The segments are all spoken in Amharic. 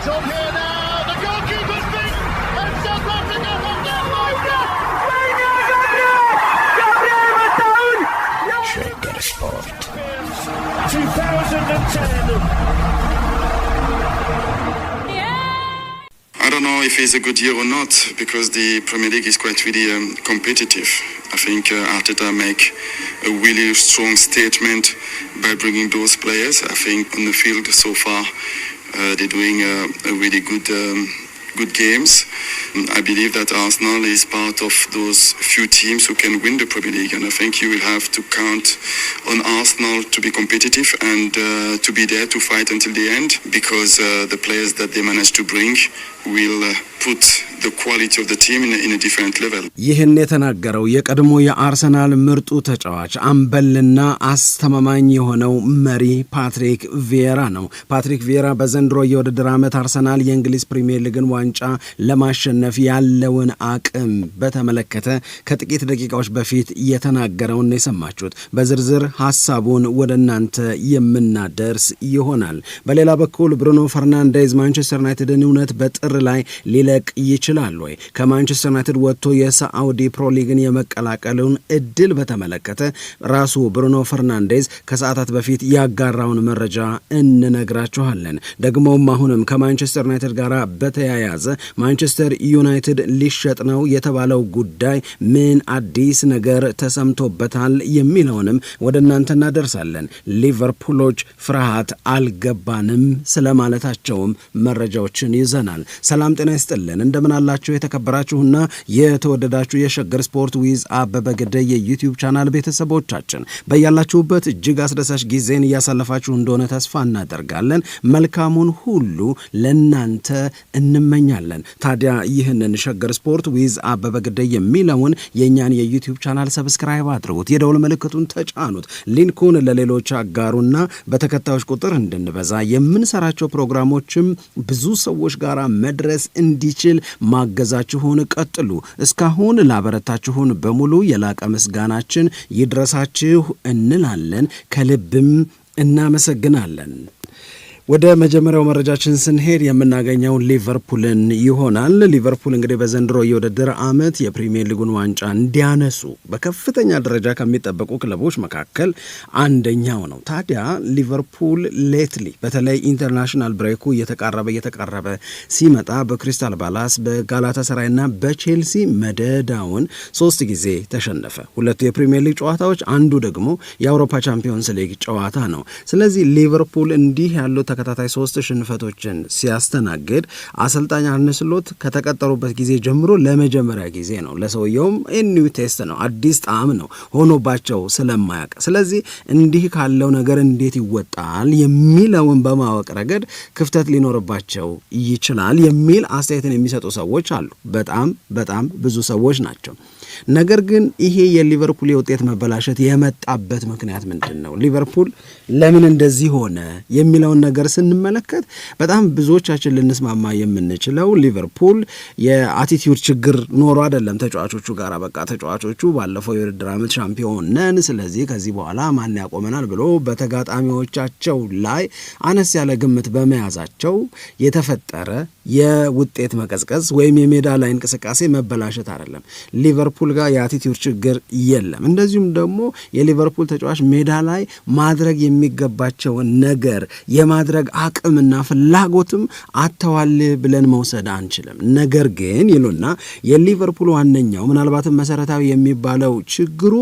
It's on here now. The goalkeeper's beaten, and South Africa have 2010. Yeah. I don't know if it's a good year or not because the Premier League is quite really um, competitive. I think uh, Arteta make a really strong statement by bringing those players. I think on the field so far uh, they're doing a really good. Um, good games. I believe that Arsenal is part of those few teams who can win the Premier League, and I think you will have to count on Arsenal to be competitive and uh, to be there to fight until the end because uh, the players that they manage to bring will uh, put the quality of the team in a, in a different level. ይህን የተናገረው የቀድሞ የአርሰናል ምርጡ ተጫዋች አምበልና አስተማማኝ የሆነው መሪ ፓትሪክ ቪየራ ነው። ፓትሪክ ቪየራ በዘንድሮ የውድድር ዓመት አርሰናል የእንግሊዝ ፕሪምየር ሊግን ዋንጫ ዋንጫ ለማሸነፍ ያለውን አቅም በተመለከተ ከጥቂት ደቂቃዎች በፊት የተናገረውን የሰማችሁት። በዝርዝር ሀሳቡን ወደ እናንተ የምናደርስ ይሆናል። በሌላ በኩል ብሩኖ ፈርናንዴዝ ማንቸስተር ዩናይትድን እውነት በጥር ላይ ሊለቅ ይችላል ወይ? ከማንቸስተር ዩናይትድ ወጥቶ የሳዑዲ ፕሮ ሊግን የመቀላቀሉን እድል በተመለከተ ራሱ ብሩኖ ፈርናንዴዝ ከሰዓታት በፊት ያጋራውን መረጃ እንነግራችኋለን። ደግሞም አሁንም ከማንቸስተር ዩናይትድ ጋር በተያያዘ በተያያዘ ማንቸስተር ዩናይትድ ሊሸጥ ነው የተባለው ጉዳይ ምን አዲስ ነገር ተሰምቶበታል የሚለውንም ወደ እናንተ እናደርሳለን። ሊቨርፑሎች ፍርሃት አልገባንም ስለማለታቸውም መረጃዎችን ይዘናል። ሰላም ጤና ይስጥልን፣ እንደምን አላችሁ የተከበራችሁና የተወደዳችሁ የሸገር ስፖርት ዊዝ አበበ ግደይ የዩቲዩብ ቻናል ቤተሰቦቻችን በያላችሁበት እጅግ አስደሳች ጊዜን እያሳለፋችሁ እንደሆነ ተስፋ እናደርጋለን። መልካሙን ሁሉ ለእናንተ እንመ እንገናኛለን። ታዲያ ይህንን ሸገር ስፖርት ዊዝ አበበ ግደይ የሚለውን የእኛን የዩቲዩብ ቻናል ሰብስክራይብ አድርጉት፣ የደውል ምልክቱን ተጫኑት፣ ሊንኩን ለሌሎች አጋሩና በተከታዮች ቁጥር እንድንበዛ የምንሰራቸው ፕሮግራሞችም ብዙ ሰዎች ጋር መድረስ እንዲችል ማገዛችሁን ቀጥሉ። እስካሁን ላበረታችሁን በሙሉ የላቀ ምስጋናችን ይድረሳችሁ እንላለን። ከልብም እናመሰግናለን። ወደ መጀመሪያው መረጃችን ስንሄድ የምናገኘው ሊቨርፑልን ይሆናል። ሊቨርፑል እንግዲህ በዘንድሮ የውድድር ዓመት የፕሪሚየር ሊጉን ዋንጫ እንዲያነሱ በከፍተኛ ደረጃ ከሚጠበቁ ክለቦች መካከል አንደኛው ነው። ታዲያ ሊቨርፑል ሌትሊ በተለይ ኢንተርናሽናል ብሬኩ እየተቃረበ እየተቃረበ ሲመጣ በክሪስታል ፓላስ፣ በጋላታ ሰራይና በቼልሲ መደዳውን ሶስት ጊዜ ተሸነፈ። ሁለቱ የፕሪሚየር ሊግ ጨዋታዎች፣ አንዱ ደግሞ የአውሮፓ ቻምፒዮንስ ሊግ ጨዋታ ነው። ስለዚህ ሊቨርፑል እንዲህ ያለው ተከታታይ ሶስት ሽንፈቶችን ሲያስተናግድ አሰልጣኝ አርነ ስሎት ከተቀጠሩበት ጊዜ ጀምሮ ለመጀመሪያ ጊዜ ነው። ለሰውየውም ኒው ቴስት ነው፣ አዲስ ጣዕም ነው ሆኖባቸው ስለማያውቅ ስለዚህ እንዲህ ካለው ነገር እንዴት ይወጣል የሚለውን በማወቅ ረገድ ክፍተት ሊኖርባቸው ይችላል የሚል አስተያየትን የሚሰጡ ሰዎች አሉ። በጣም በጣም ብዙ ሰዎች ናቸው። ነገር ግን ይሄ የሊቨርፑል የውጤት መበላሸት የመጣበት ምክንያት ምንድን ነው? ሊቨርፑል ለምን እንደዚህ ሆነ የሚለውን ነገር ስንመለከት በጣም ብዙዎቻችን ልንስማማ የምንችለው ሊቨርፑል የአቲቲዩድ ችግር ኖሮ አይደለም ተጫዋቾቹ ጋር በቃ ተጫዋቾቹ ባለፈው የውድድር ዓመት ሻምፒዮን ነን፣ ስለዚህ ከዚህ በኋላ ማን ያቆመናል ብሎ በተጋጣሚዎቻቸው ላይ አነስ ያለ ግምት በመያዛቸው የተፈጠረ የውጤት መቀዝቀዝ ወይም የሜዳ ላይ እንቅስቃሴ መበላሸት አይደለም። ሊቨርፑል ጋር የአቲቲዩድ ችግር የለም። እንደዚሁም ደግሞ የሊቨርፑል ተጫዋች ሜዳ ላይ ማድረግ የሚገባቸውን ነገር የማድረግ አቅምና ፍላጎትም አተዋል ብለን መውሰድ አንችልም። ነገር ግን ይሉና የሊቨርፑል ዋነኛው ምናልባትም መሰረታዊ የሚባለው ችግሩ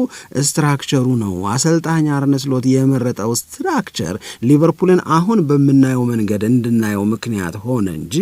ስትራክቸሩ ነው። አሰልጣኝ አርነ ስሎት የመረጠው ስትራክቸር ሊቨርፑልን አሁን በምናየው መንገድ እንድናየው ምክንያት ሆነ እንጂ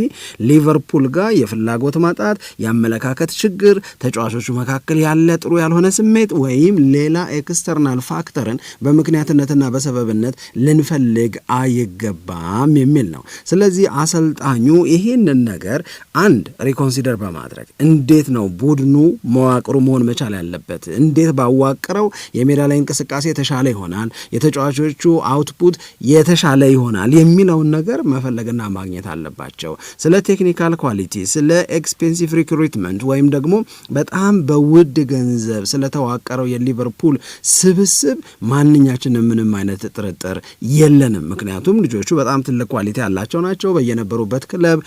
ሊቨርፑል ጋር የፍላጎት ማጣት፣ የአመለካከት ችግር፣ ተጫዋቾቹ መካከል ያለ ጥሩ ያልሆነ ስሜት ወይም ሌላ ኤክስተርናል ፋክተርን በምክንያትነትና በሰበብነት ልንፈልግ አይገባም የሚል ነው። ስለዚህ አሰልጣኙ ይህንን ነገር አንድ ሪኮንሲደር በማድረግ እንዴት ነው ቡድኑ መዋቅሩ መሆን መቻል ያለበት፣ እንዴት ባዋቅረው የሜዳ ላይ እንቅስቃሴ የተሻለ ይሆናል፣ የተጫዋቾቹ አውትፑት የተሻለ ይሆናል የሚለውን ነገር መፈለግና ማግኘት አለባቸው። ስለ ቴክኒካል ኳሊቲ፣ ስለ ኤክስፔንሲቭ ሪክሩትመንት ወይም ደግሞ በጣም በውድ ገንዘብ ስለተዋቀረው የሊቨርፑል ስብስብ ማንኛችንም ምንም አይነት ጥርጥር የለንም። ምክንያቱም ልጆቹ በጣም ትልቅ ኳሊቲ ያላቸው ናቸው። በየነበሩበት ክለብ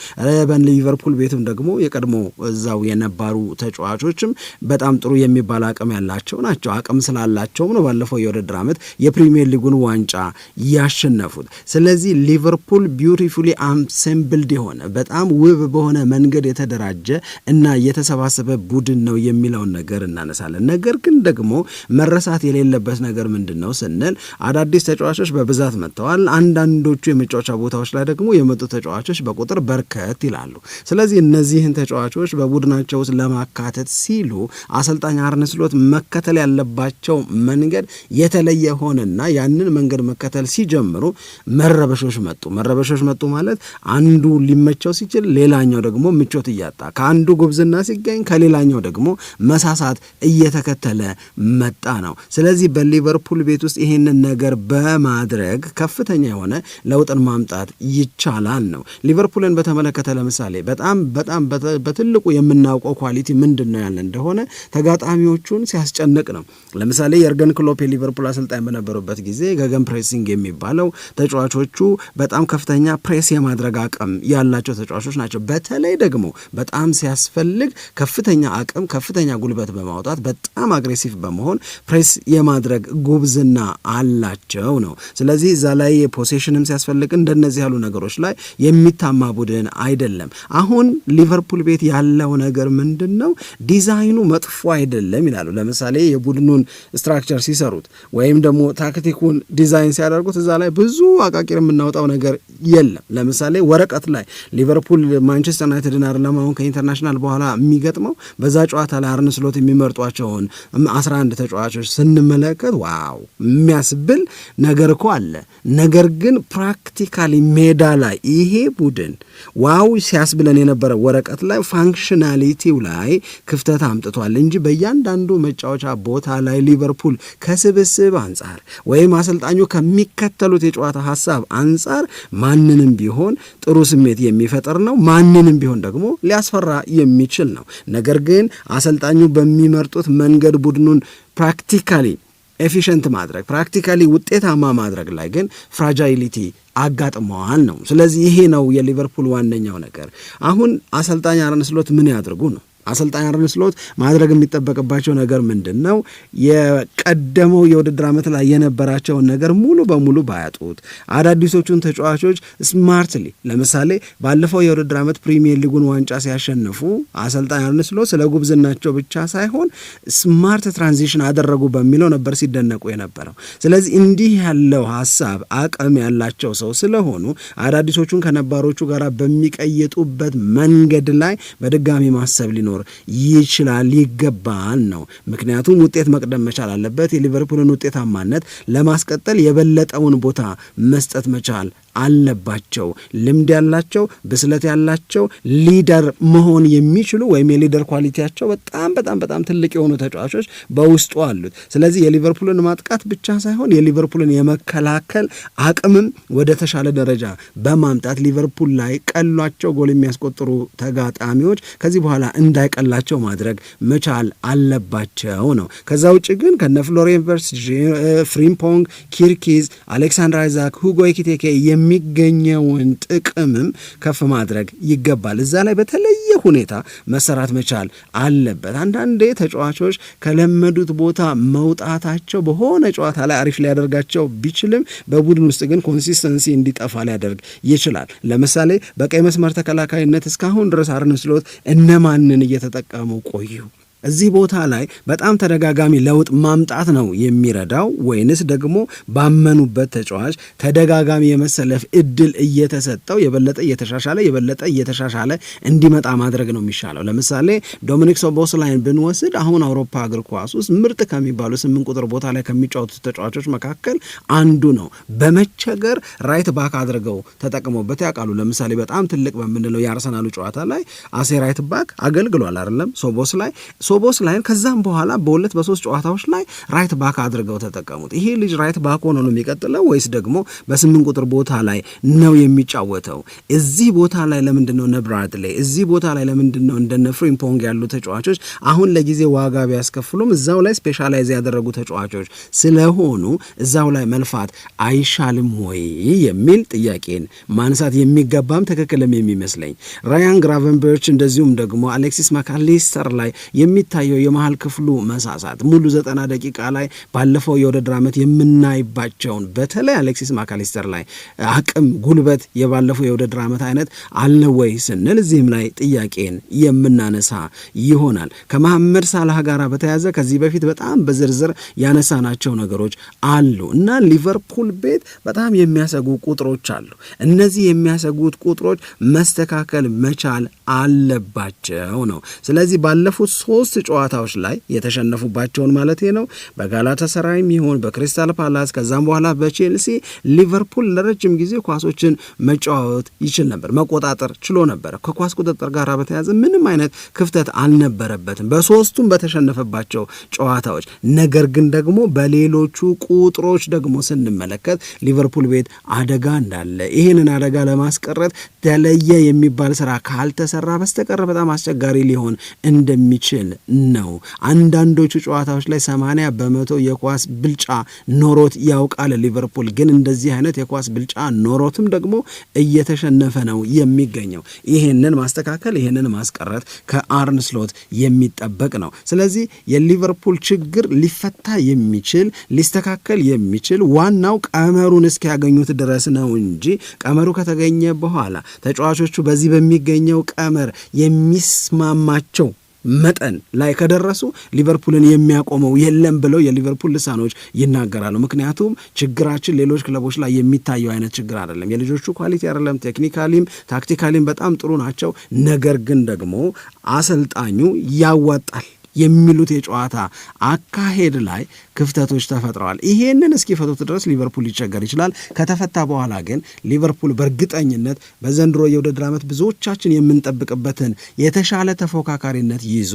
በሊቨርፑል ቤትም ደግሞ የቀድሞ እዛው የነባሩ ተጫዋቾችም በጣም ጥሩ የሚባል አቅም ያላቸው ናቸው። አቅም ስላላቸውም ነው ባለፈው የውድድር ዓመት የፕሪሚየር ሊጉን ዋንጫ ያሸነፉት። ስለዚህ ሊቨርፑል ቢዩቲፉሊ አምሴምብልድ የሆነ በጣም በጣም ውብ በሆነ መንገድ የተደራጀ እና የተሰባሰበ ቡድን ነው የሚለውን ነገር እናነሳለን። ነገር ግን ደግሞ መረሳት የሌለበት ነገር ምንድን ነው ስንል አዳዲስ ተጫዋቾች በብዛት መጥተዋል። አንዳንዶቹ የመጫወቻ ቦታዎች ላይ ደግሞ የመጡ ተጫዋቾች በቁጥር በርከት ይላሉ። ስለዚህ እነዚህን ተጫዋቾች በቡድናቸው ውስጥ ለማካተት ሲሉ አሰልጣኝ አርነ ስሎት መከተል ያለባቸው መንገድ የተለየ ሆነና ያንን መንገድ መከተል ሲጀምሩ መረበሾች መጡ። መረበሾች መጡ ማለት አንዱ ሊመቸው ሲ ሲችል ሌላኛው ደግሞ ምቾት እያጣ ከአንዱ ጉብዝና ሲገኝ ከሌላኛው ደግሞ መሳሳት እየተከተለ መጣ ነው። ስለዚህ በሊቨርፑል ቤት ውስጥ ይህንን ነገር በማድረግ ከፍተኛ የሆነ ለውጥን ማምጣት ይቻላል ነው። ሊቨርፑልን በተመለከተ ለምሳሌ በጣም በጣም በትልቁ የምናውቀው ኳሊቲ ምንድን ነው ያለ እንደሆነ ተጋጣሚዎቹን ሲያስጨንቅ ነው። ለምሳሌ የርገን ክሎፕ የሊቨርፑል አሰልጣኝ በነበሩበት ጊዜ ገገን ፕሬሲንግ የሚባለው ተጫዋቾቹ በጣም ከፍተኛ ፕሬስ የማድረግ አቅም ያላቸው ተጫዋ ተጫዋቾች ናቸው። በተለይ ደግሞ በጣም ሲያስፈልግ ከፍተኛ አቅም ከፍተኛ ጉልበት በማውጣት በጣም አግሬሲቭ በመሆን ፕሬስ የማድረግ ጉብዝና አላቸው ነው። ስለዚህ እዛ ላይ የፖሴሽንም ሲያስፈልግ እንደነዚህ ያሉ ነገሮች ላይ የሚታማ ቡድን አይደለም። አሁን ሊቨርፑል ቤት ያለው ነገር ምንድን ነው? ዲዛይኑ መጥፎ አይደለም ይላሉ። ለምሳሌ የቡድኑን ስትራክቸር ሲሰሩት ወይም ደግሞ ታክቲኩን ዲዛይን ሲያደርጉት እዛ ላይ ብዙ አቃቂር የምናወጣው ነገር የለም። ለምሳሌ ወረቀት ላይ ሊቨርፑል ሊቨርፑል ማንቸስተር ዩናይትድን አይደለም አሁን ከኢንተርናሽናል በኋላ የሚገጥመው በዛ ጨዋታ ላይ አርነ ስሎት የሚመርጧቸውን አስራ አንድ ተጫዋቾች ስንመለከት ዋው የሚያስብል ነገር እኮ አለ። ነገር ግን ፕራክቲካሊ ሜዳ ላይ ይሄ ቡድን ዋው ሲያስብለን የነበረ ወረቀት ላይ ፋንክሽናሊቲው ላይ ክፍተት አምጥቷል እንጂ በእያንዳንዱ መጫወቻ ቦታ ላይ ሊቨርፑል ከስብስብ አንጻር ወይም አሰልጣኙ ከሚከተሉት የጨዋታ ሀሳብ አንጻር ማንንም ቢሆን ጥሩ ስሜት የሚፈጥር ነው። ማንንም ቢሆን ደግሞ ሊያስፈራ የሚችል ነው። ነገር ግን አሰልጣኙ በሚመርጡት መንገድ ቡድኑን ፕራክቲካሊ ኤፊሽንት ማድረግ ፕራክቲካሊ ውጤታማ ማድረግ ላይ ግን ፍራጃይሊቲ አጋጥመዋል ነው። ስለዚህ ይሄ ነው የሊቨርፑል ዋነኛው ነገር። አሁን አሰልጣኝ አርነ ስሎት ምን ያድርጉ ነው? አሰልጣኝ አርነ ስሎት ማድረግ የሚጠበቅባቸው ነገር ምንድን ነው? የቀደመው የውድድር ዓመት ላይ የነበራቸውን ነገር ሙሉ በሙሉ ባያጡት፣ አዳዲሶቹን ተጫዋቾች ስማርትሊ፣ ለምሳሌ ባለፈው የውድድር ዓመት ፕሪሚየር ሊጉን ዋንጫ ሲያሸንፉ አሰልጣኝ አርነ ስሎት ስለ ጉብዝናቸው ብቻ ሳይሆን ስማርት ትራንዚሽን አደረጉ በሚለው ነበር ሲደነቁ የነበረው። ስለዚህ እንዲህ ያለው ሀሳብ አቅም ያላቸው ሰው ስለሆኑ አዳዲሶቹን ከነባሮቹ ጋር በሚቀይጡበት መንገድ ላይ በድጋሚ ማሰብ ሊኖ ሊኖር ይችላል ይገባል ነው። ምክንያቱም ውጤት መቅደም መቻል አለበት። የሊቨርፑልን ውጤታማነት ለማስቀጠል የበለጠውን ቦታ መስጠት መቻል አለባቸው። ልምድ ያላቸው፣ ብስለት ያላቸው፣ ሊደር መሆን የሚችሉ ወይም የሊደር ኳሊቲያቸው በጣም በጣም በጣም ትልቅ የሆኑ ተጫዋቾች በውስጡ አሉት። ስለዚህ የሊቨርፑልን ማጥቃት ብቻ ሳይሆን የሊቨርፑልን የመከላከል አቅምም ወደ ተሻለ ደረጃ በማምጣት ሊቨርፑል ላይ ቀሏቸው ጎል የሚያስቆጥሩ ተጋጣሚዎች ከዚህ በኋላ እንዳይቀላቸው ማድረግ መቻል አለባቸው ነው። ከዛ ውጭ ግን ከነ ፍሪምፖንግ፣ ኪርኪዝ፣ አሌክሳንድር አይዛክ፣ ሁጎ ኤኪቴኬ የሚ የሚገኘውን ጥቅምም ከፍ ማድረግ ይገባል። እዛ ላይ በተለየ ሁኔታ መሰራት መቻል አለበት። አንዳንዴ ተጫዋቾች ከለመዱት ቦታ መውጣታቸው በሆነ ጨዋታ ላይ አሪፍ ሊያደርጋቸው ቢችልም በቡድን ውስጥ ግን ኮንሲስተንሲ እንዲጠፋ ሊያደርግ ይችላል። ለምሳሌ በቀይ መስመር ተከላካይነት እስካሁን ድረስ አርነ ስሎት እነማንን እየተጠቀሙ ቆዩ? እዚህ ቦታ ላይ በጣም ተደጋጋሚ ለውጥ ማምጣት ነው የሚረዳው ወይንስ ደግሞ ባመኑበት ተጫዋች ተደጋጋሚ የመሰለፍ እድል እየተሰጠው የበለጠ እየተሻሻለ የበለጠ እየተሻሻለ እንዲመጣ ማድረግ ነው የሚሻለው? ለምሳሌ ዶሚኒክ ሶቦስላይን ብንወስድ አሁን አውሮፓ እግር ኳስ ውስጥ ምርጥ ከሚባሉ ስምንት ቁጥር ቦታ ላይ ከሚጫወቱ ተጫዋቾች መካከል አንዱ ነው። በመቸገር ራይት ባክ አድርገው ተጠቅመውበት ያውቃሉ። ለምሳሌ በጣም ትልቅ በምንለው የአርሰናሉ ጨዋታ ላይ አሴ ራይት ባክ አገልግሏል አይደለም ሶቦስላይ ሶቦስ ላይን ከዛም በኋላ በሁለት በሶስት ጨዋታዎች ላይ ራይት ባክ አድርገው ተጠቀሙት። ይሄ ልጅ ራይት ባክ ሆኖ ነው የሚቀጥለው ወይስ ደግሞ በስምንት ቁጥር ቦታ ላይ ነው የሚጫወተው? እዚህ ቦታ ላይ ለምንድን ነው ነብራት ላይ እዚህ ቦታ ላይ ለምንድን ነው እንደነ ፍሪምፖንግ ያሉ ተጫዋቾች አሁን ለጊዜ ዋጋ ቢያስከፍሉም እዛው ላይ ስፔሻላይዝ ያደረጉ ተጫዋቾች ስለሆኑ እዛው ላይ መልፋት አይሻልም ወይ የሚል ጥያቄን ማንሳት የሚገባም ትክክልም የሚመስለኝ ራያን ግራቨንበርች እንደዚሁም ደግሞ አሌክሲስ ማካሊስተር ላይ የሚ የሚታየው የመሀል ክፍሉ መሳሳት ሙሉ ዘጠና ደቂቃ ላይ ባለፈው የውድድር ዓመት የምናይባቸውን በተለይ አሌክሲስ ማካሊስተር ላይ አቅም፣ ጉልበት የባለፈው የውድድር ዓመት አይነት አለ ወይ ስንል እዚህም ላይ ጥያቄን የምናነሳ ይሆናል። ከመሐመድ ሳላህ ጋር በተያዘ ከዚህ በፊት በጣም በዝርዝር ያነሳናቸው ነገሮች አሉ እና ሊቨርፑል ቤት በጣም የሚያሰጉ ቁጥሮች አሉ። እነዚህ የሚያሰጉት ቁጥሮች መስተካከል መቻል አለባቸው ነው። ስለዚህ ባለፉት ሶስት ሶስት ጨዋታዎች ላይ የተሸነፉባቸውን ማለት ነው በጋላታ ይሁን በክሪስታል ፓላስ ከዛም በኋላ በቼልሲ ሊቨርፑል ለረጅም ጊዜ ኳሶችን መጫወት ይችል ነበር፣ መቆጣጠር ችሎ ነበረ። ከኳስ ቁጥጥር ጋር በተያዘ ምንም አይነት ክፍተት አልነበረበትም በሶስቱም በተሸነፈባቸው ጨዋታዎች። ነገር ግን ደግሞ በሌሎቹ ቁጥሮች ደግሞ ስንመለከት ሊቨርፑል ቤት አደጋ እንዳለ ይህንን አደጋ ለማስቀረት ተለየ የሚባል ስራ ካልተሰራ በስተቀር በጣም አስቸጋሪ ሊሆን እንደሚችል ነው። አንዳንዶቹ ጨዋታዎች ላይ ሰማንያ በመቶ የኳስ ብልጫ ኖሮት ያውቃል ሊቨርፑል። ግን እንደዚህ አይነት የኳስ ብልጫ ኖሮትም ደግሞ እየተሸነፈ ነው የሚገኘው። ይህንን ማስተካከል፣ ይህንን ማስቀረት ከአርን ስሎት የሚጠበቅ ነው። ስለዚህ የሊቨርፑል ችግር ሊፈታ የሚችል ሊስተካከል የሚችል ዋናው ቀመሩን እስኪያገኙት ድረስ ነው እንጂ ቀመሩ ከተገኘ በኋላ ተጫዋቾቹ በዚህ በሚገኘው ቀመር የሚስማማቸው መጠን ላይ ከደረሱ ሊቨርፑልን የሚያቆመው የለም ብለው የሊቨርፑል ልሳኖች ይናገራሉ። ምክንያቱም ችግራችን ሌሎች ክለቦች ላይ የሚታየው አይነት ችግር አይደለም። የልጆቹ ኳሊቲ አይደለም፣ ቴክኒካሊም ታክቲካሊም በጣም ጥሩ ናቸው። ነገር ግን ደግሞ አሰልጣኙ ያዋጣል የሚሉት የጨዋታ አካሄድ ላይ ክፍተቶች ተፈጥረዋል። ይሄንን እስኪፈቱት ድረስ ሊቨርፑል ሊቸገር ይችላል። ከተፈታ በኋላ ግን ሊቨርፑል በእርግጠኝነት በዘንድሮ የውድድር ዓመት ብዙዎቻችን የምንጠብቅበትን የተሻለ ተፎካካሪነት ይዞ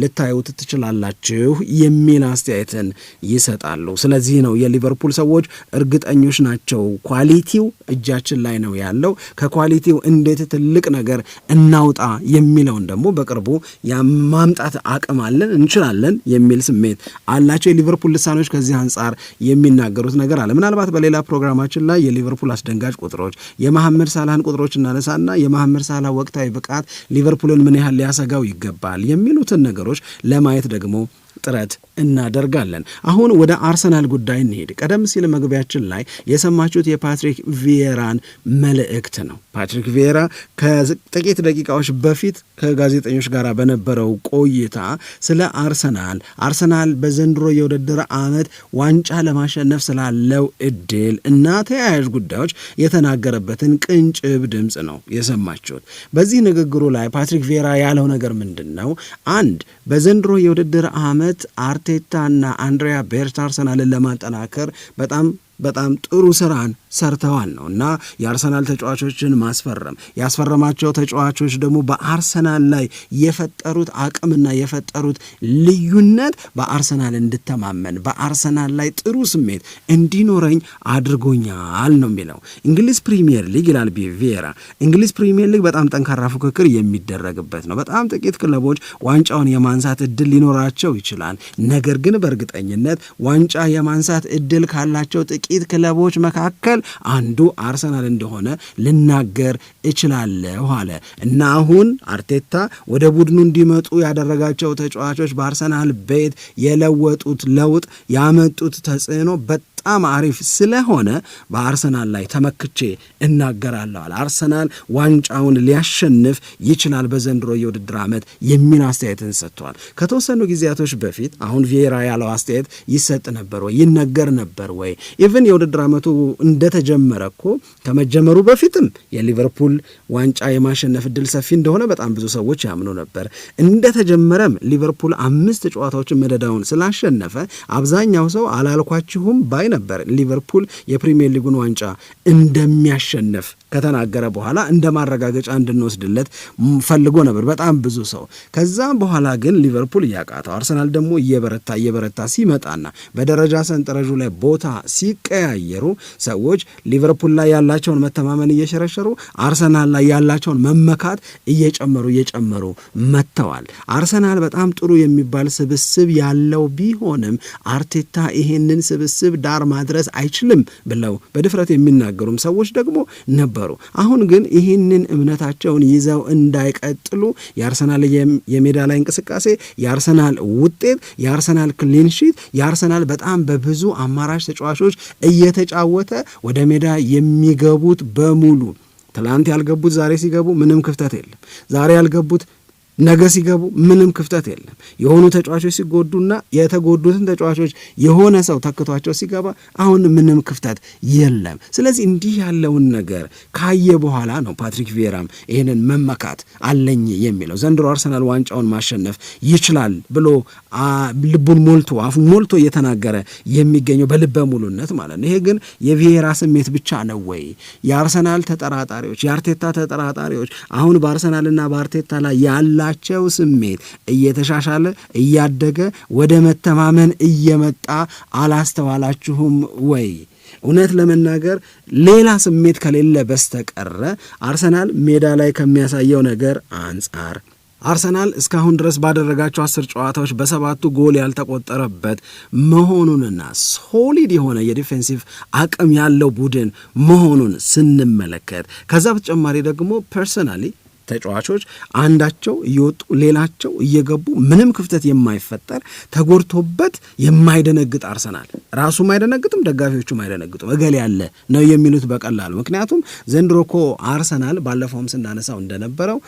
ልታዩት ትችላላችሁ የሚል አስተያየትን ይሰጣሉ። ስለዚህ ነው የሊቨርፑል ሰዎች እርግጠኞች ናቸው። ኳሊቲው እጃችን ላይ ነው ያለው፣ ከኳሊቲው እንዴት ትልቅ ነገር እናውጣ የሚለውን ደግሞ በቅርቡ የማምጣት አቅም አለ እንችላለን እንችላለን የሚል ስሜት አላቸው የሊቨርፑል ልሳኖች። ከዚህ አንጻር የሚናገሩት ነገር አለ። ምናልባት በሌላ ፕሮግራማችን ላይ የሊቨርፑል አስደንጋጭ ቁጥሮች፣ የመሐመድ ሳላህን ቁጥሮች እናነሳና የመሐመድ ሳላህ ወቅታዊ ብቃት ሊቨርፑልን ምን ያህል ሊያሰጋው ይገባል የሚሉትን ነገሮች ለማየት ደግሞ ጥረት እናደርጋለን። አሁን ወደ አርሰናል ጉዳይ እንሄድ። ቀደም ሲል መግቢያችን ላይ የሰማችሁት የፓትሪክ ቪየራን መልእክት ነው። ፓትሪክ ቪየራ ከጥቂት ደቂቃዎች በፊት ከጋዜጠኞች ጋር በነበረው ቆይታ ስለ አርሰናል አርሰናል በዘንድሮ የውድድር ዓመት ዋንጫ ለማሸነፍ ስላለው እድል እና ተያያዥ ጉዳዮች የተናገረበትን ቅንጭብ ድምፅ ነው የሰማችሁት። በዚህ ንግግሩ ላይ ፓትሪክ ቪየራ ያለው ነገር ምንድን ነው? አንድ በዘንድሮ የውድድር ዓመት ማለት አርቴታና አንድሪያ ቤርት አርሰናልን ለማጠናከር በጣም በጣም ጥሩ ስራን ሰርተዋል ነውና የአርሰናል ተጫዋቾችን ማስፈረም ያስፈረማቸው ተጫዋቾች ደግሞ በአርሰናል ላይ የፈጠሩት አቅምና የፈጠሩት ልዩነት በአርሰናል እንድተማመን በአርሰናል ላይ ጥሩ ስሜት እንዲኖረኝ አድርጎኛል ነው የሚለው። እንግሊዝ ፕሪሚየር ሊግ ይላል ቢቬራ፣ እንግሊዝ ፕሪሚየር ሊግ በጣም ጠንካራ ፉክክር የሚደረግበት ነው። በጣም ጥቂት ክለቦች ዋንጫውን የማንሳት እድል ሊኖራቸው ይችላል። ነገር ግን በእርግጠኝነት ዋንጫ የማንሳት እድል ካላቸው ጥቂት ክለቦች መካከል አንዱ አርሰናል እንደሆነ ልናገር እችላለሁ አለ እና አሁን አርቴታ ወደ ቡድኑ እንዲመጡ ያደረጋቸው ተጫዋቾች በአርሰናል ቤት የለወጡት ለውጥ ያመጡት ተጽዕኖ በጣም በጣም አሪፍ ስለሆነ በአርሰናል ላይ ተመክቼ እናገራለሁ አለ። አርሰናል ዋንጫውን ሊያሸንፍ ይችላል በዘንድሮ የውድድር ዓመት የሚል አስተያየትን ሰጥተዋል። ከተወሰኑ ጊዜያቶች በፊት አሁን ቪዬራ ያለው አስተያየት ይሰጥ ነበር ወይ ይነገር ነበር ወይ? ኢቭን የውድድር ዓመቱ እንደተጀመረ እኮ ከመጀመሩ በፊትም የሊቨርፑል ዋንጫ የማሸነፍ እድል ሰፊ እንደሆነ በጣም ብዙ ሰዎች ያምኑ ነበር። እንደተጀመረም ሊቨርፑል አምስት ጨዋታዎችን መደዳውን ስላሸነፈ አብዛኛው ሰው አላልኳችሁም ባይ ነበር ሊቨርፑል የፕሪሚየር ሊጉን ዋንጫ እንደሚያሸንፍ ከተናገረ በኋላ እንደ ማረጋገጫ እንድንወስድለት ፈልጎ ነበር በጣም ብዙ ሰው። ከዛ በኋላ ግን ሊቨርፑል እያቃተው፣ አርሰናል ደግሞ እየበረታ እየበረታ ሲመጣና በደረጃ ሰንጠረዡ ላይ ቦታ ሲቀያየሩ ሰዎች ሊቨርፑል ላይ ያላቸውን መተማመን እየሸረሸሩ አርሰናል ላይ ያላቸውን መመካት እየጨመሩ እየጨመሩ መጥተዋል። አርሰናል በጣም ጥሩ የሚባል ስብስብ ያለው ቢሆንም አርቴታ ይሄንን ስብስብ ዳር ማድረስ አይችልም ብለው በድፍረት የሚናገሩም ሰዎች ደግሞ ነበሩ። ነበሩ። አሁን ግን ይህንን እምነታቸውን ይዘው እንዳይቀጥሉ የአርሰናል የሜዳ ላይ እንቅስቃሴ፣ የአርሰናል ውጤት፣ የአርሰናል ክሊንሺት፣ የአርሰናል በጣም በብዙ አማራጭ ተጫዋቾች እየተጫወተ ወደ ሜዳ የሚገቡት በሙሉ ትላንት ያልገቡት ዛሬ ሲገቡ ምንም ክፍተት የለም። ዛሬ ያልገቡት ነገ ሲገቡ ምንም ክፍተት የለም። የሆኑ ተጫዋቾች ሲጎዱና የተጎዱትን ተጫዋቾች የሆነ ሰው ተክቷቸው ሲገባ አሁን ምንም ክፍተት የለም። ስለዚህ እንዲህ ያለውን ነገር ካየ በኋላ ነው ፓትሪክ ቪዬራም ይህንን መመካት አለኝ የሚለው ዘንድሮ አርሰናል ዋንጫውን ማሸነፍ ይችላል ብሎ ልቡን ሞልቶ አፉ ሞልቶ እየተናገረ የሚገኘው በልበ ሙሉነት ማለት ነው። ይሄ ግን የቪየራ ስሜት ብቻ ነው ወይ? የአርሰናል ተጠራጣሪዎች፣ የአርቴታ ተጠራጣሪዎች አሁን በአርሰናልና በአርቴታ ላይ ያለ ያላቸው ስሜት እየተሻሻለ እያደገ ወደ መተማመን እየመጣ አላስተዋላችሁም ወይ? እውነት ለመናገር ሌላ ስሜት ከሌለ በስተቀረ አርሰናል ሜዳ ላይ ከሚያሳየው ነገር አንጻር አርሰናል እስካሁን ድረስ ባደረጋቸው አስር ጨዋታዎች በሰባቱ ጎል ያልተቆጠረበት መሆኑንና ሶሊድ የሆነ የዲፌንሲቭ አቅም ያለው ቡድን መሆኑን ስንመለከት ከዛ በተጨማሪ ደግሞ ፐርሰናሊ ተጫዋቾች አንዳቸው እየወጡ ሌላቸው እየገቡ ምንም ክፍተት የማይፈጠር ተጎድቶበት የማይደነግጥ አርሰናል ራሱም አይደነግጥም፣ ደጋፊዎቹም አይደነግጡም። እገሌ ያለ ነው የሚሉት በቀላሉ ምክንያቱም ዘንድሮ እኮ አርሰናል ባለፈውም ስናነሳው እንደነበረው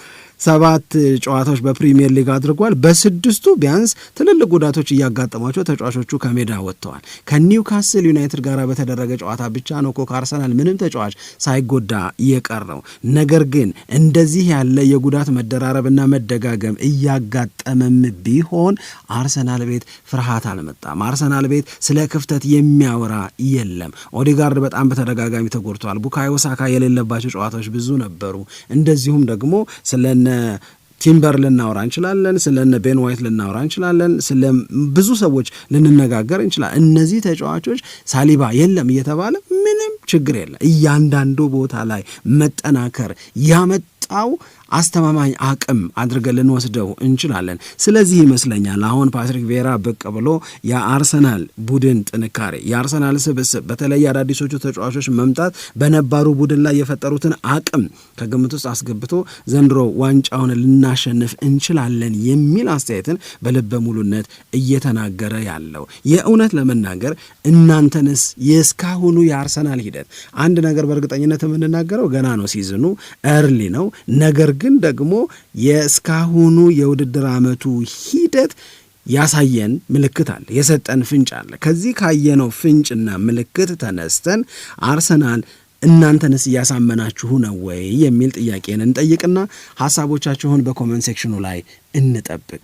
ሰባት ጨዋታዎች በፕሪሚየር ሊግ አድርጓል። በስድስቱ ቢያንስ ትልልቅ ጉዳቶች እያጋጠሟቸው ተጫዋቾቹ ከሜዳ ወጥተዋል። ከኒውካስል ዩናይትድ ጋር በተደረገ ጨዋታ ብቻ ነው እኮ ከአርሰናል ምንም ተጫዋች ሳይጎዳ የቀረው። ነገር ግን እንደዚህ ያለ የጉዳት መደራረብና መደጋገም እያጋጠመም ቢሆን አርሰናል ቤት ፍርሃት አልመጣም። አርሰናል ቤት ስለ ክፍተት የሚያወራ የለም። ኦዲጋርድ በጣም በተደጋጋሚ ተጎድተዋል። ቡካዮ ሳካ የሌለባቸው ጨዋታዎች ብዙ ነበሩ። እንደዚሁም ደግሞ ስለ ስለነ ቲምበር ልናወራ እንችላለን፣ ስለነ ቤን ዋይት ልናወራ እንችላለን፣ ስለ ብዙ ሰዎች ልንነጋገር እንችላለን። እነዚህ ተጫዋቾች ሳሊባ የለም እየተባለ ምንም ችግር የለም። እያንዳንዱ ቦታ ላይ መጠናከር ያመጣ ያመጣው አስተማማኝ አቅም አድርገን ልንወስደው እንችላለን። ስለዚህ ይመስለኛል አሁን ፓትሪክ ቬራ ብቅ ብሎ የአርሰናል ቡድን ጥንካሬ፣ የአርሰናል ስብስብ በተለይ አዳዲሶቹ ተጫዋቾች መምጣት በነባሩ ቡድን ላይ የፈጠሩትን አቅም ከግምት ውስጥ አስገብቶ ዘንድሮ ዋንጫውን ልናሸንፍ እንችላለን የሚል አስተያየትን በልበ ሙሉነት እየተናገረ ያለው የእውነት ለመናገር እናንተንስ የእስካሁኑ የአርሰናል ሂደት አንድ ነገር በእርግጠኝነት የምንናገረው ገና ነው፣ ሲዝኑ ኤርሊ ነው። ነገር ግን ደግሞ የእስካሁኑ የውድድር ዓመቱ ሂደት ያሳየን ምልክት አለ፣ የሰጠን ፍንጭ አለ። ከዚህ ካየነው ፍንጭና ምልክት ተነስተን አርሰናል እናንተንስ እያሳመናችሁ ነው ወይ የሚል ጥያቄን እንጠይቅና ሀሳቦቻችሁን በኮመንት ሴክሽኑ ላይ እንጠብቅ።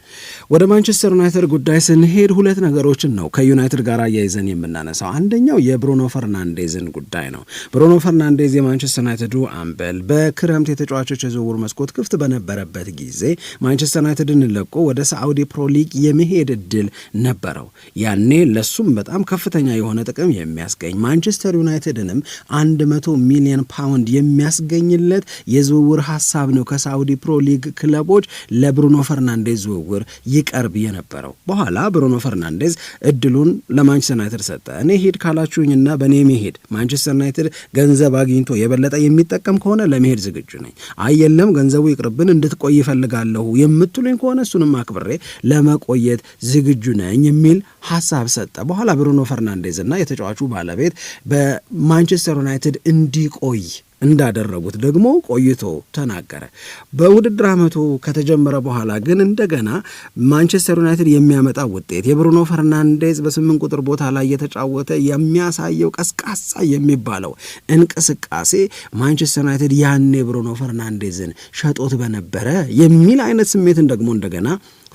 ወደ ማንቸስተር ዩናይትድ ጉዳይ ስንሄድ ሁለት ነገሮችን ነው ከዩናይትድ ጋር አያይዘን የምናነሳው። አንደኛው የብሩኖ ፈርናንዴዝን ጉዳይ ነው። ብሩኖ ፈርናንዴዝ የማንቸስተር ዩናይትዱ አምበል በክረምት የተጫዋቾች የዝውውር መስኮት ክፍት በነበረበት ጊዜ ማንቸስተር ዩናይትድን ለቆ ወደ ሳዑዲ ፕሮ ሊግ የመሄድ እድል ነበረው። ያኔ ለሱም በጣም ከፍተኛ የሆነ ጥቅም የሚያስገኝ ማንቸስተር ዩናይትድንም 100 ሚሊዮን ፓውንድ የሚያስገኝለት የዝውውር ሀሳብ ነው ከሳዑዲ ፕሮ ሊግ ክለቦች ለብሩኖ ፈርናንዴዝ ዝውውር ይቀርብ የነበረው። በኋላ ብሩኖ ፈርናንዴዝ እድሉን ለማንቸስተር ዩናይትድ ሰጠ። እኔ ሄድ ካላችሁኝና በእኔ መሄድ ማንቸስተር ዩናይትድ ገንዘብ አግኝቶ የበለጠ የሚጠቀም ከሆነ ለመሄድ ዝግጁ ነኝ። አየለም ገንዘቡ ይቅርብን እንድትቆይ ይፈልጋለሁ የምትሉኝ ከሆነ እሱንም አክብሬ ለመቆየት ዝግጁ ነኝ የሚል ሀሳብ ሰጠ። በኋላ ብሩኖ ፈርናንዴዝ እና የተጫዋቹ ባለቤት በማንቸስተር ዩናይትድ እንዲቆይ እንዳደረጉት ደግሞ ቆይቶ ተናገረ። በውድድር ዓመቱ ከተጀመረ በኋላ ግን እንደገና ማንቸስተር ዩናይትድ የሚያመጣ ውጤት የብሩኖ ፈርናንዴዝ በስምንት ቁጥር ቦታ ላይ የተጫወተ የሚያሳየው ቀስቃሳ የሚባለው እንቅስቃሴ ማንቸስተር ዩናይትድ ያኔ ብሩኖ ፈርናንዴዝን ሸጦት በነበረ የሚል አይነት ስሜትን ደግሞ እንደገና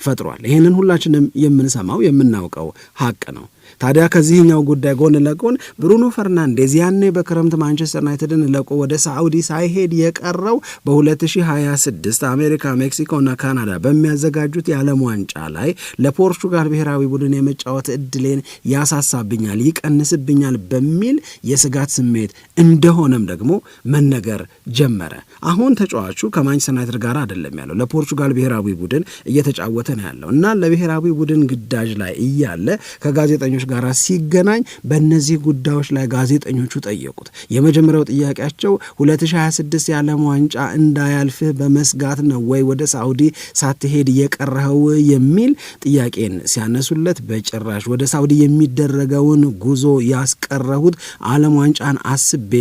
ፈጥሯል። ይህንን ሁላችንም የምንሰማው የምናውቀው ሀቅ ነው። ታዲያ ከዚህኛው ጉዳይ ጎን ለጎን ብሩኖ ፈርናንዴዝ ያኔ በክረምት ማንቸስተር ዩናይትድን ለቆ ወደ ሳዑዲ ሳይሄድ የቀረው በ2026 አሜሪካ፣ ሜክሲኮ እና ካናዳ በሚያዘጋጁት የዓለም ዋንጫ ላይ ለፖርቹጋል ብሔራዊ ቡድን የመጫወት እድሌን ያሳሳብኛል፣ ይቀንስብኛል በሚል የስጋት ስሜት እንደሆነም ደግሞ መነገር ጀመረ። አሁን ተጫዋቹ ከማንቸስተር ዩናይትድ ጋር አይደለም ያለው ለፖርቹጋል ብሔራዊ ቡድን እየተጫወተ እየተጫወተ ነው ያለው እና ለብሔራዊ ቡድን ግዳጅ ላይ እያለ ከጋዜጠኞች ጋር ሲገናኝ በእነዚህ ጉዳዮች ላይ ጋዜጠኞቹ ጠየቁት። የመጀመሪያው ጥያቄያቸው 2026 የዓለም ዋንጫ እንዳያልፍህ በመስጋት ነው ወይ ወደ ሳውዲ ሳትሄድ የቀረኸው የሚል ጥያቄን ሲያነሱለት በጭራሽ ወደ ሳውዲ የሚደረገውን ጉዞ ያስቀረሁት ዓለም ዋንጫን አስቤ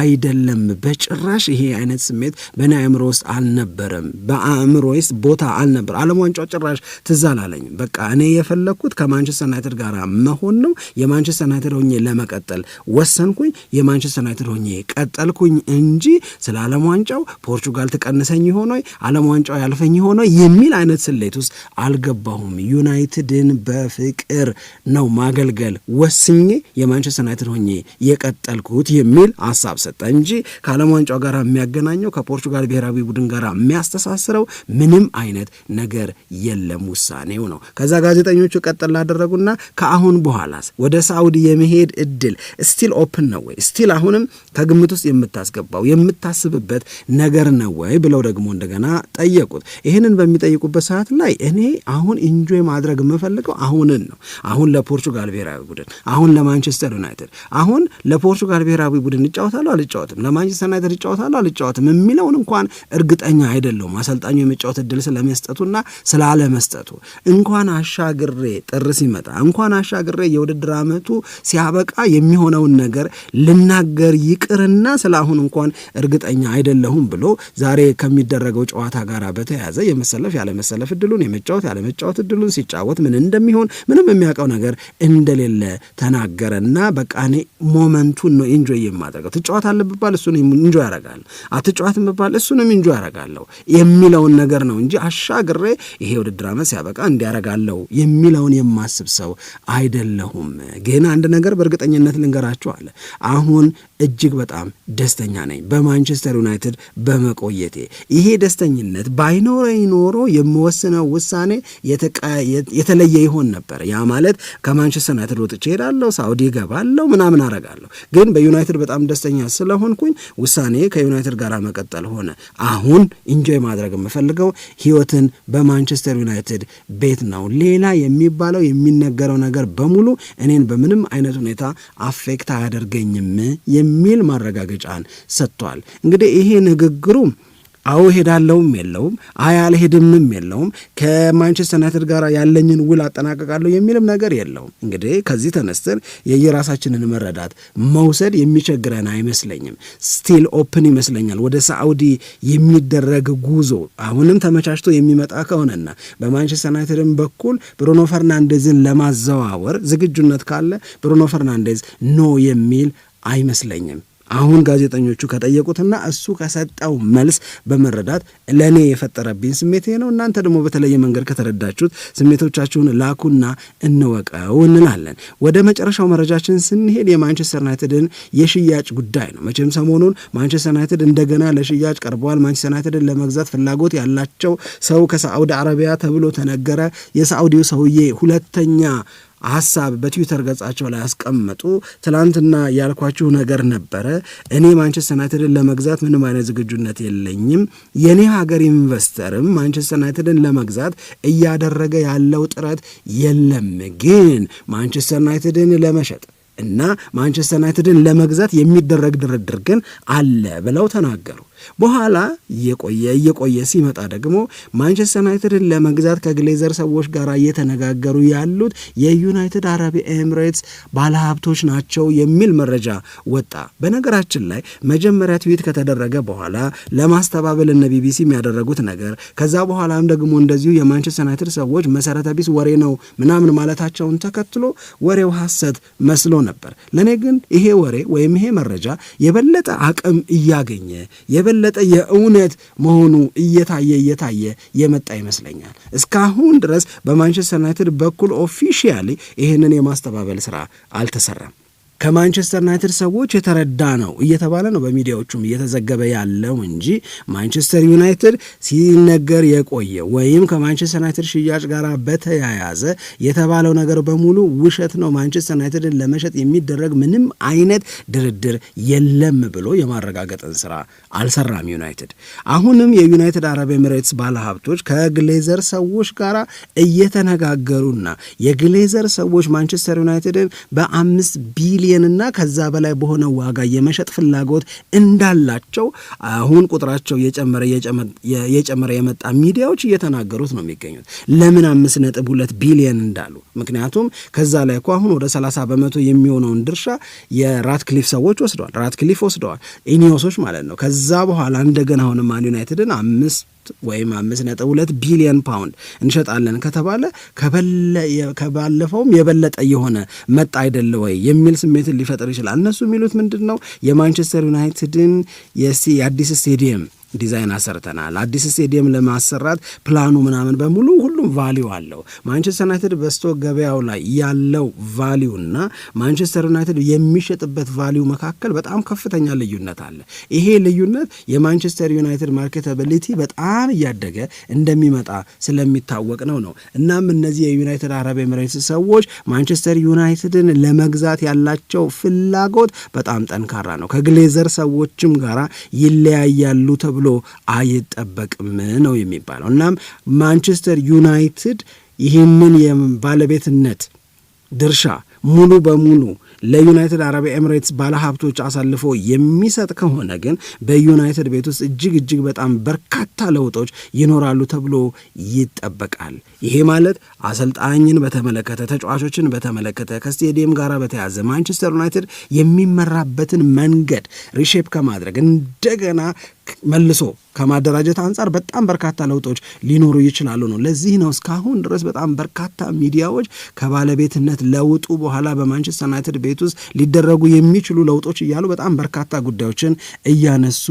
አይደለም። በጭራሽ ይሄ አይነት ስሜት በእኔ አእምሮ ውስጥ አልነበረም፣ በአእምሮ ውስጥ ቦታ አልነበረ ዓለም ዋንጫ ጭራ ጭራሽ ትዝ አላለኝም። በቃ እኔ የፈለግኩት ከማንቸስተር ዩናይትድ ጋር መሆን ነው። የማንቸስተር ዩናይትድ ሆኜ ለመቀጠል ወሰንኩኝ። የማንቸስተር ዩናይትድ ሆኜ ቀጠልኩኝ እንጂ ስለ ዓለም ዋንጫው ፖርቹጋል ትቀንሰኝ ሆኖ ዓለም ዋንጫው ያልፈኝ ሆኖ የሚል አይነት ስሌት ውስጥ አልገባሁም። ዩናይትድን በፍቅር ነው ማገልገል ወስኜ የማንቸስተር ዩናይትድ ሆኜ የቀጠልኩት የሚል ሀሳብ ሰጠ እንጂ ከዓለም ዋንጫው ጋር የሚያገናኘው ከፖርቹጋል ብሔራዊ ቡድን ጋር የሚያስተሳስረው ምንም አይነት ነገር የለ አይደለም ውሳኔው ነው። ከዛ ጋዜጠኞቹ ቀጥል ላደረጉና ከአሁን በኋላስ ወደ ሳውዲ የመሄድ እድል ስቲል ኦፕን ነው ወይ ስቲል አሁንም ከግምት ውስጥ የምታስገባው የምታስብበት ነገር ነው ወይ ብለው ደግሞ እንደገና ጠየቁት። ይህንን በሚጠይቁበት ሰዓት ላይ እኔ አሁን ኢንጆይ ማድረግ የምፈልገው አሁንን ነው። አሁን ለፖርቹጋል ብሔራዊ ቡድን፣ አሁን ለማንቸስተር ዩናይትድ፣ አሁን ለፖርቹጋል ብሔራዊ ቡድን እጫወታለሁ አልጫወትም፣ ለማንቸስተር ዩናይትድ እጫወታለሁ አልጫወትም የሚለውን እንኳን እርግጠኛ አይደለሁም። አሰልጣኙ የመጫወት እድል ስለመስጠቱና ስላለ ለመስጠቱ እንኳን አሻግሬ ጥር ሲመጣ እንኳን አሻግሬ የውድድር ዓመቱ ሲያበቃ የሚሆነውን ነገር ልናገር ይቅርና ስለ አሁን እንኳን እርግጠኛ አይደለሁም ብሎ ዛሬ ከሚደረገው ጨዋታ ጋር በተያያዘ የመሰለፍ ያለመሰለፍ እድሉን የመጫወት ያለመጫወት እድሉን ሲጫወት ምን እንደሚሆን ምንም የሚያውቀው ነገር እንደሌለ ተናገረና በቃ እኔ ሞመንቱን ነው ኢንጆይ የማደርገው። ትጫወታለህ ብባል እሱን ኢንጆይ ያደርጋል፣ አትጫወትም ብባል እሱንም ኢንጆይ ያደርጋለሁ የሚለውን ነገር ነው እንጂ አሻግሬ ይሄ የውድድር ዓመት ሲያበቃ እንዲያረጋለው የሚለውን የማስብ ሰው አይደለሁም። ግን አንድ ነገር በእርግጠኝነት ልንገራችኋል። አሁን እጅግ በጣም ደስተኛ ነኝ በማንቸስተር ዩናይትድ በመቆየቴ። ይሄ ደስተኝነት ባይኖረኝ ኖሮ የምወስነው ውሳኔ የተለየ ይሆን ነበር። ያ ማለት ከማንቸስተር ዩናይትድ ወጥቼ ሄዳለሁ፣ ሳውዲ ገባለሁ፣ ምናምን አረጋለሁ። ግን በዩናይትድ በጣም ደስተኛ ስለሆንኩኝ ውሳኔ ከዩናይትድ ጋር መቀጠል ሆነ። አሁን ኢንጆይ ማድረግ የምፈልገው ህይወትን በማንቸስተር ዩናይትድ ቤት ነው። ሌላ የሚባለው የሚነገረው ነገር በሙሉ እኔን በምንም አይነት ሁኔታ አፌክት አያደርገኝም የሚል ማረጋገጫን ሰጥቷል። እንግዲህ ይሄ ንግግሩ አዎ ሄዳለውም የለውም አይ አልሄድምም የለውም ከማንቸስተር ዩናይትድ ጋር ያለኝን ውል አጠናቀቃለሁ የሚልም ነገር የለውም። እንግዲህ ከዚህ ተነስተን የየራሳችንን መረዳት መውሰድ የሚቸግረን አይመስለኝም። ስቲል ኦፕን ይመስለኛል። ወደ ሳዑዲ የሚደረግ ጉዞ አሁንም ተመቻችቶ የሚመጣ ከሆነና በማንቸስተር ዩናይትድም በኩል ብሩኖ ፈርናንዴዝን ለማዘዋወር ዝግጁነት ካለ ብሩኖ ፈርናንዴዝ ኖ የሚል አይመስለኝም። አሁን ጋዜጠኞቹ ከጠየቁትና እሱ ከሰጠው መልስ በመረዳት ለእኔ የፈጠረብኝ ስሜት ነው። እናንተ ደግሞ በተለየ መንገድ ከተረዳችሁት ስሜቶቻችሁን ላኩና እንወቀው እንላለን። ወደ መጨረሻው መረጃችን ስንሄድ የማንቸስተር ዩናይትድን የሽያጭ ጉዳይ ነው። መቼም ሰሞኑን ማንቸስተር ዩናይትድ እንደገና ለሽያጭ ቀርበዋል። ማንቸስተር ዩናይትድን ለመግዛት ፍላጎት ያላቸው ሰው ከሳዑዲ አረቢያ ተብሎ ተነገረ። የሳዑዲው ሰውዬ ሁለተኛ ሀሳብ በትዊተር ገጻቸው ላይ አስቀመጡ። ትላንትና ያልኳችሁ ነገር ነበረ። እኔ ማንቸስተር ዩናይትድን ለመግዛት ምንም አይነት ዝግጁነት የለኝም። የኔ ሀገር ኢንቨስተርም ማንቸስተር ዩናይትድን ለመግዛት እያደረገ ያለው ጥረት የለም። ግን ማንቸስተር ዩናይትድን ለመሸጥ እና ማንቸስተር ዩናይትድን ለመግዛት የሚደረግ ድርድር ግን አለ ብለው ተናገሩ። በኋላ እየቆየ እየቆየ ሲመጣ ደግሞ ማንቸስተር ዩናይትድን ለመግዛት ከግሌዘር ሰዎች ጋር እየተነጋገሩ ያሉት የዩናይትድ አረብ ኤምሬትስ ባለሀብቶች ናቸው የሚል መረጃ ወጣ። በነገራችን ላይ መጀመሪያ ትዊት ከተደረገ በኋላ ለማስተባበል እነ ቢቢሲ የሚያደረጉት ነገር ከዛ በኋላም ደግሞ እንደዚሁ የማንቸስተር ዩናይትድ ሰዎች መሰረተ ቢስ ወሬ ነው ምናምን ማለታቸውን ተከትሎ ወሬው ሐሰት መስሎ ነበር። ለእኔ ግን ይሄ ወሬ ወይም ይሄ መረጃ የበለጠ አቅም እያገኘ የበለጠ የበለጠ የእውነት መሆኑ እየታየ እየታየ የመጣ ይመስለኛል። እስካሁን ድረስ በማንቸስተር ዩናይትድ በኩል ኦፊሽያሊ ይህንን የማስተባበል ስራ አልተሰራም። ከማንቸስተር ዩናይትድ ሰዎች የተረዳ ነው እየተባለ ነው በሚዲያዎቹም እየተዘገበ ያለው እንጂ ማንቸስተር ዩናይትድ ሲነገር የቆየ ወይም ከማንቸስተር ዩናይትድ ሽያጭ ጋር በተያያዘ የተባለው ነገር በሙሉ ውሸት ነው፣ ማንቸስተር ዩናይትድን ለመሸጥ የሚደረግ ምንም አይነት ድርድር የለም ብሎ የማረጋገጥን ስራ አልሰራም ዩናይትድ። አሁንም የዩናይትድ አረብ ኤምሬትስ ባለሀብቶች ከግሌዘር ሰዎች ጋር እየተነጋገሩና የግሌዘር ሰዎች ማንቸስተር ዩናይትድን በአምስት ቢሊ ሚሊየንና ከዛ በላይ በሆነ ዋጋ የመሸጥ ፍላጎት እንዳላቸው አሁን ቁጥራቸው የጨመረ የመጣ ሚዲያዎች እየተናገሩት ነው የሚገኙት። ለምን አምስት ነጥብ ሁለት ቢሊየን እንዳሉ ምክንያቱም ከዛ ላይ እኮ አሁን ወደ 30 በመቶ የሚሆነውን ድርሻ የራትክሊፍ ሰዎች ወስደዋል። ራትክሊፍ ወስደዋል፣ ኢኒዮሶች ማለት ነው። ከዛ በኋላ እንደገና አሁን ማን ዩናይትድን አምስት ወይም አምስት ነጥብ ሁለት ቢሊዮን ፓውንድ እንሸጣለን ከተባለ ከባለፈውም የበለጠ የሆነ መጣ አይደለ ወይ የሚል ስሜትን ሊፈጥር ይችላል። እነሱ የሚሉት ምንድን ነው? የማንቸስተር ዩናይትድን የአዲስ ስቴዲየም ዲዛይን አሰርተናል፣ አዲስ ስቴዲየም ለማሰራት ፕላኑ ምናምን በሙሉ ሁሉም ቫሊዩ አለው። ማንቸስተር ዩናይትድ በስቶ ገበያው ላይ ያለው ቫሊዩ እና ማንቸስተር ዩናይትድ የሚሸጥበት ቫሊዩ መካከል በጣም ከፍተኛ ልዩነት አለ። ይሄ ልዩነት የማንቸስተር ዩናይትድ ማርኬታብሊቲ በጣም እያደገ እንደሚመጣ ስለሚታወቅ ነው ነው እናም እነዚህ የዩናይትድ አረብ ኤምሬትስ ሰዎች ማንቸስተር ዩናይትድን ለመግዛት ያላቸው ፍላጎት በጣም ጠንካራ ነው። ከግሌዘር ሰዎችም ጋር ይለያያሉ ተብሎ ተብሎ አይጠበቅም ነው የሚባለው። እናም ማንቸስተር ዩናይትድ ይህንን የባለቤትነት ድርሻ ሙሉ በሙሉ ለዩናይትድ አረብ ኤምሬትስ ባለሀብቶች አሳልፎ የሚሰጥ ከሆነ ግን በዩናይትድ ቤት ውስጥ እጅግ እጅግ በጣም በርካታ ለውጦች ይኖራሉ ተብሎ ይጠበቃል። ይሄ ማለት አሰልጣኝን በተመለከተ፣ ተጫዋቾችን በተመለከተ፣ ከስቴዲየም ጋር በተያዘ ማንቸስተር ዩናይትድ የሚመራበትን መንገድ ሪሼፕ ከማድረግ እንደገና መልሶ ከማደራጀት አንጻር በጣም በርካታ ለውጦች ሊኖሩ ይችላሉ ነው። ለዚህ ነው እስካሁን ድረስ በጣም በርካታ ሚዲያዎች ከባለቤትነት ለውጡ በኋላ በማንቸስተር ዩናይትድ ቤት ውስጥ ሊደረጉ የሚችሉ ለውጦች እያሉ በጣም በርካታ ጉዳዮችን እያነሱ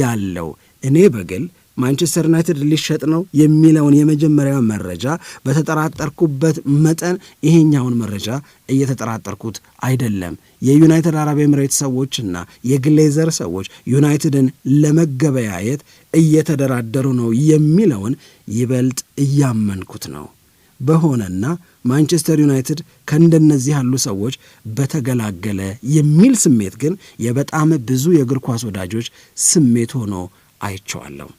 ያለው እኔ በግል ማንቸስተር ዩናይትድ ሊሸጥ ነው የሚለውን የመጀመሪያ መረጃ በተጠራጠርኩበት መጠን ይሄኛውን መረጃ እየተጠራጠርኩት አይደለም። የዩናይትድ አረብ ኤምሬት ሰዎችና የግሌዘር ሰዎች ዩናይትድን ለመገበያየት እየተደራደሩ ነው የሚለውን ይበልጥ እያመንኩት ነው በሆነና ማንቸስተር ዩናይትድ ከእንደነዚህ ያሉ ሰዎች በተገላገለ የሚል ስሜት ግን የበጣም ብዙ የእግር ኳስ ወዳጆች ስሜት ሆኖ አይቸዋለሁ።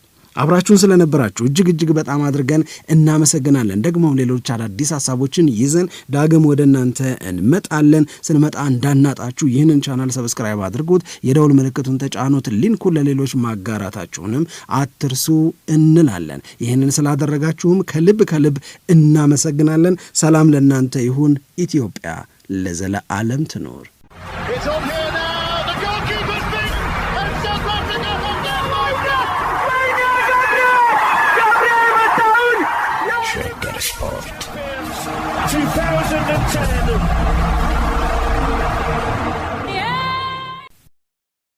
አብራችሁን ስለነበራችሁ እጅግ እጅግ በጣም አድርገን እናመሰግናለን። ደግሞ ሌሎች አዳዲስ ሀሳቦችን ይዘን ዳግም ወደ እናንተ እንመጣለን። ስንመጣ እንዳናጣችሁ ይህንን ቻናል ሰብስክራይብ አድርጉት፣ የደውል ምልክቱን ተጫኑት፣ ሊንኩን ለሌሎች ማጋራታችሁንም አትርሱ እንላለን። ይህንን ስላደረጋችሁም ከልብ ከልብ እናመሰግናለን። ሰላም ለእናንተ ይሁን። ኢትዮጵያ ለዘለዓለም ትኖር።